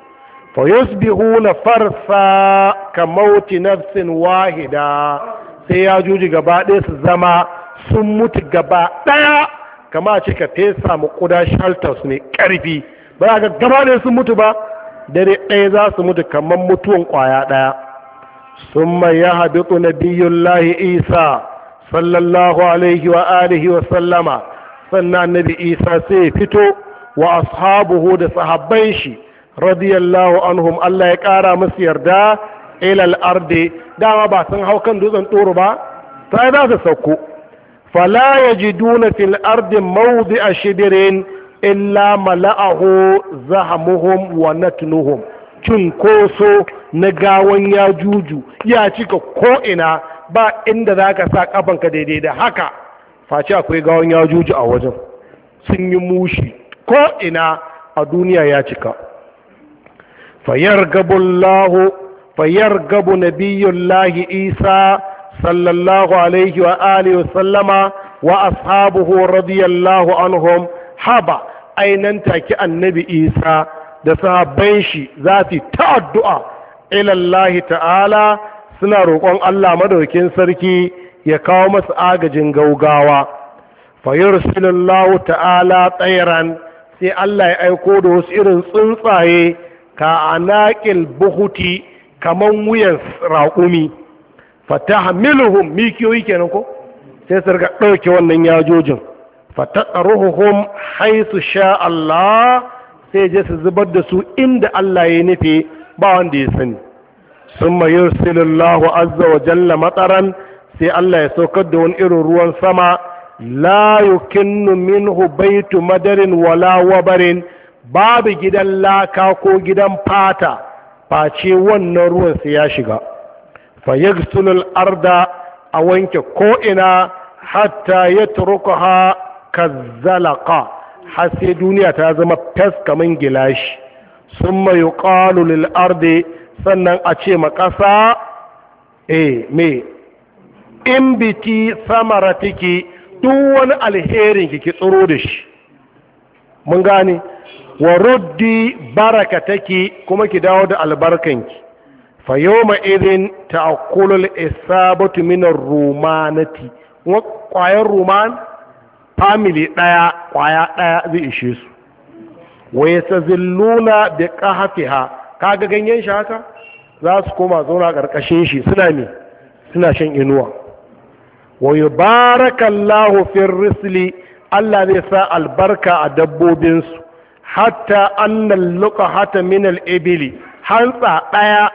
fa yusbihuna farsa ka mauti nafsin wahida sai ya juji gaba ɗaya su zama sun mutu gaba ɗaya kama ce ka fesa mu kuda shaltas ne ƙarfi ba za ka gaba ɗaya sun mutu ba dare ɗaya za su mutu kamar mutuwan ƙwaya ɗaya sun mai ya haɗu na biyun lahi isa sallallahu alaihi wa alihi wa sallama sannan annabi isa sai fito wa ashabuhu da sahabban shi radiyallahu anhum allah ya ƙara musu yarda ilal ardi dama ba sun hau kan dutsen tsoro ba ta za su sauko fala yajiduna fil ardi mawdi'a shidirin illa mala'ahu zahamuhum wa natnuhum cunkoso na gawan ya juju ya cika ko'ina ba inda za ka sa ka daidai da haka face akwai gawan ya juju a wajen sun yi mushi ko'ina a duniya ya cika fayar gabullahu fayar gabu nabiyullahi isa sallallahu alaihi wa alihi wa sallama wa ashabuhu radiyallahu anhum haba ainan take annabi isa da sahabban shi za su ta addu'a ilallahi ta'ala suna roƙon allah madaukin sarki ya kawo masu agajin gaugawa fayursilullahu ta'ala tsayiran sai allah ya aiko da wasu irin tsuntsaye ka naƙil buhuti kamar wuyan raƙumi fatahmiluhum mikiyoyi kenan ko sai su ɗauke wannan yajojin fataqruhum su sha Allah sai je su zubar da su inda Allah ya nufi ba wanda ya sani summa yursilullahu azza wa jalla mataran sai Allah ya saukar da wani irin ruwan sama la yukinnu minhu baitu madarin wala wabarin babu gidan laka ko gidan fata face wannan ruwan sai ya shiga fa yaghsulul arda a wanke ko'ina hatta yatrukaha kazzalaqa har sai duniya ta zama fes kaman gilashi sun yuqalu lil ardi sannan a ce ma ƙasa eh me in biti samaratiki duk wani alherin ki ki tsoro da shi mun gane wa ruddi take kuma ki dawo da albarkanki fa yawma idhin ta'kulu al-isabatu min ar-rumanati wa qayan ruman family daya kwaya daya zai ishe su wa yasazilluna bi qahfiha kaga ganyen shi haka za su koma zauna karkashin shi suna me suna shan inuwa wa yubarakallahu fir risli Allah zai sa albarka a dabbobinsu hatta annal luqahata min al-ibli hantsa daya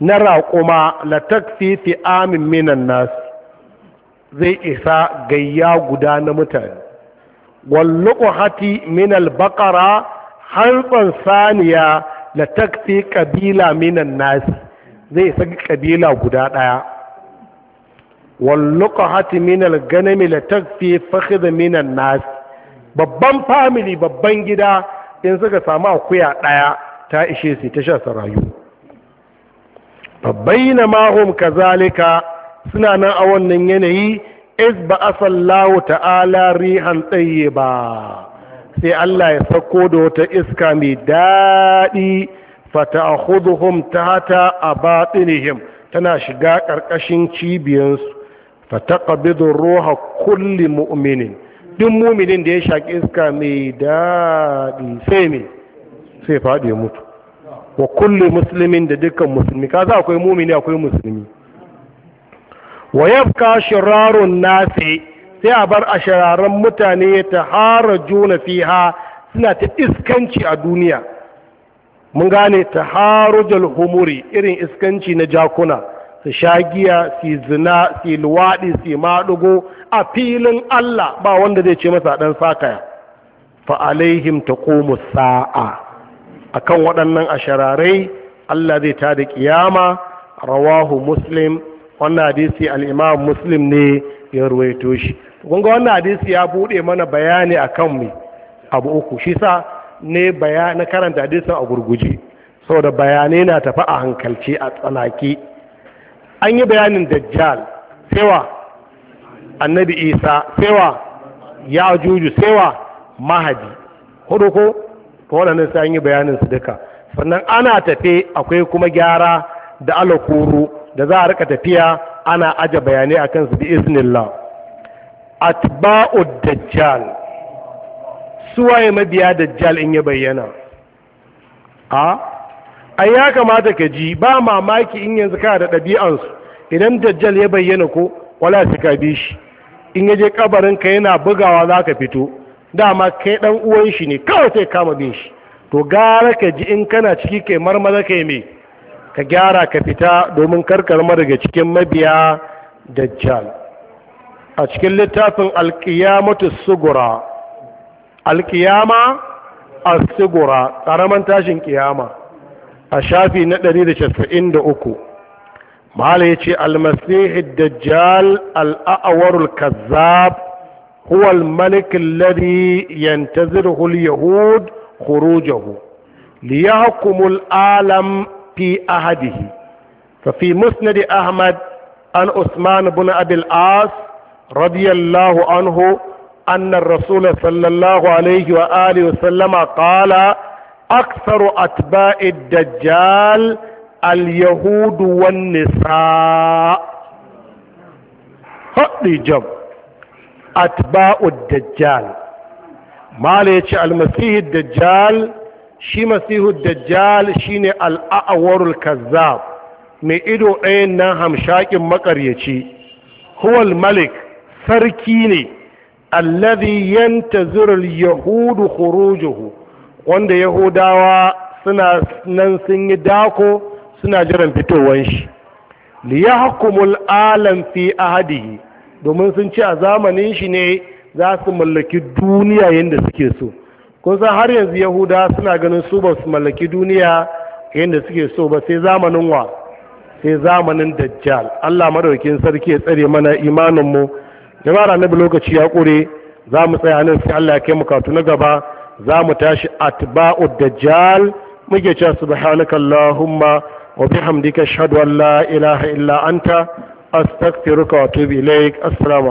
na raƙuma la takfi fi amin minan nas zai isa gayya guda na mutane wal luqahati min al-baqara hantsan saniya la takfi kabila minan nas zai isa kabila guda daya wal luqahati min al-ganami la takfi fakhd minan nas babban famili babban gida in suka samu akuya ɗaya ta ishe su ta sha rayu babbai na mahum kazalika suna nan a wannan yanayi is ba asallahu ta'ala rihan tsaye ba sai Allah ya sako da wata iska mai daɗi fata a huduhum ta hata a batinihim tana shiga ƙarƙashin cibiyansu fata ƙabidin roha kulli mu'minin duk muminin da ya shaƙi iska mai daɗi sai mai sai faɗi mutu wa kulle musulmin da dukkan musulmi ka za akwai mumini akwai musulmi wa yafka shirarun nasi sai a bar a shirarun mutane ya hara juna fiha suna ta iskanci a duniya mun gane ta taharujal humuri irin iskanci na jakuna su sha giya su zina su luwaɗi su maɗugo a filin Allah ba wanda zai ce masa ɗan sakaya fa alaihim taqumu sa'a A kan waɗannan ashararai Allah zai ta da ƙiyama rawahu muslim wannan hadisi al-imam muslim ne ya ruwaito shi kun wannan hadisi ya buɗe mana bayani akan mai abu uku shi sa ne bayani karanta hadisin a gurguje saboda bayanai na tafi a hankalci a tsanaki an yi bayanin dajjal sewa annabi isa sewa ya juju sewa mahadi hudu ko to waɗannan sai an yi bayanin su duka sannan ana tafe akwai kuma gyara da alakuru da za a rika tafiya ana aje bayanai akan su bi iznillah atba'ud dajjal suwaye mabiya dajjal in yi bayyana a ai ya kamata ka ji ba mamaki in yanzu ka da ɗabi'ansu idan dajjal ya bayyana ko wala su ka bi shi in yaje kabarin ka yana bugawa za ka fito dama kai ɗan uwan shi ne kawai sai kama bin shi to gara ka ji in kana ciki kai marmaza kai me ka gyara ka fita domin karkarma daga cikin mabiya dajjal a cikin littafin alkiyamatu sugura alkiyama as sugura karaman tashin kiyama a shafi na 193 mahala ya ce almasihi dajjal al'awarul kazzab huwal malikin malik alladhi yantaziruhu yahud khurujahu liyahkum alam fi ahadihi fa fi musnad ahmad an usman ibn abi al-as radiyallahu anhu أن الرسول صلى الله عليه وآله وسلم قال aksaru atba'id dajjal al-yahudu nisa haɗi jam atba'ud dajjal mala yace al-masih dajjal shi masihu dajjal shine al-a'warul kazzab mai ido ɗayan na hamshakin maƙaryaci? huwal malik sarki ne alladhi yantazuru al-yahudu khurujuhu wanda yahudawa suna nan sun yi dako suna jiran fitowar shi liyahkumul alam fi ahadihi domin sun ce a zamanin shi ne za su mallaki duniya yadda suke so kun san har yanzu yahuda suna ganin su ba su mallaki duniya yadda suke so ba sai zamanin wa sai zamanin dajjal allah madaukin sarki ya tsare mana imaninmu jama'ar bi lokaci ya kure za mu tsaya nan sai allah ya kai mu katu na gaba za mu tashi atba'u dajjal muke cewa subhanaka allahumma wa bihamdika ashhadu an la ilaha illa anta astaghfiruka wa atubu ilaik assalamu